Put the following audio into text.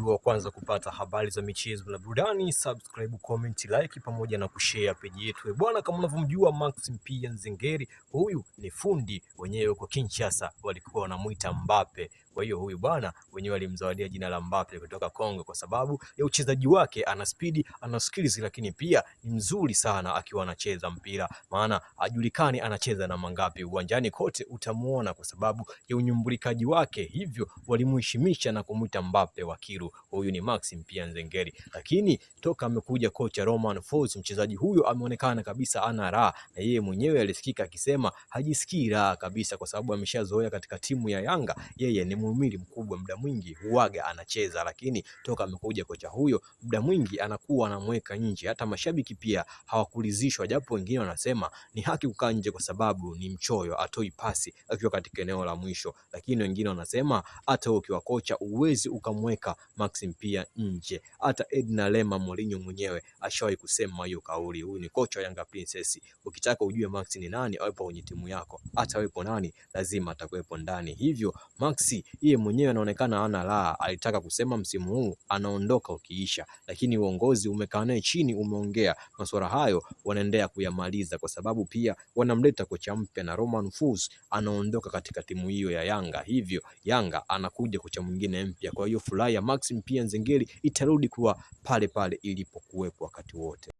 ukiwa wa kwanza kupata habari za michezo na burudani, subscribe, comment, like pamoja na kushare peji yetu. E bwana, kama unavyomjua Max Mpia Nzengeri, huyu ni fundi wenyewe kwa Kinshasa, walikuwa wanamuita Mbappe. Kwa hiyo huyu bwana wenyewe alimzawadia jina la Mbappe kutoka Kongo kwa sababu ya uchezaji wake. Ana spidi, ana skills, lakini pia ni mzuri sana akiwa anacheza mpira, maana ajulikani anacheza na mangapi uwanjani kote, utamuona kwa sababu ya unyumbulikaji wake, hivyo walimuheshimisha na kumwita Mbappe wa Kiru huyu ni Maxim pia Nzengeri, lakini toka amekuja kocha Roman Folz, mchezaji huyo ameonekana kabisa ana raha, na yeye mwenyewe alisikika akisema hajisikii raha kabisa, kwa sababu ameshazoea katika timu ya Yanga. Yeye ni muumili mkubwa, muda mwingi huaga anacheza, lakini toka amekuja kocha huyo, muda mwingi anakuwa anamweka nje. Hata mashabiki pia hawakulizishwa, japo wengine wanasema ni haki kukaa nje kwa sababu ni mchoyo, atoi pasi akiwa katika eneo la mwisho, lakini wengine wanasema hata ukiwa kocha uwezi ukamweka Maxim pia nje. Hata Edna Lema Mourinho mwenyewe ashawahi kusema hiyo kauli. Huyu ni kocha wa Yanga Princess. Ukitaka ujue Max ni nani awepo kwenye timu yako, hata awepo nani, lazima atakuwepo ndani. Hivyo Max yeye mwenyewe anaonekana hana la, alitaka kusema msimu huu anaondoka ukiisha, lakini uongozi umekaa naye chini, umeongea masuala hayo, wanaendelea kuyamaliza kwa sababu pia wanamleta kocha mpya na Roman Fus anaondoka katika timu hiyo ya Yanga, hivyo Yanga anakuja kocha mwingine mpya. Kwa hiyo furaha ya Max Simpia Nzengeli itarudi kuwa pale pale ilipokuwepo wakati wote.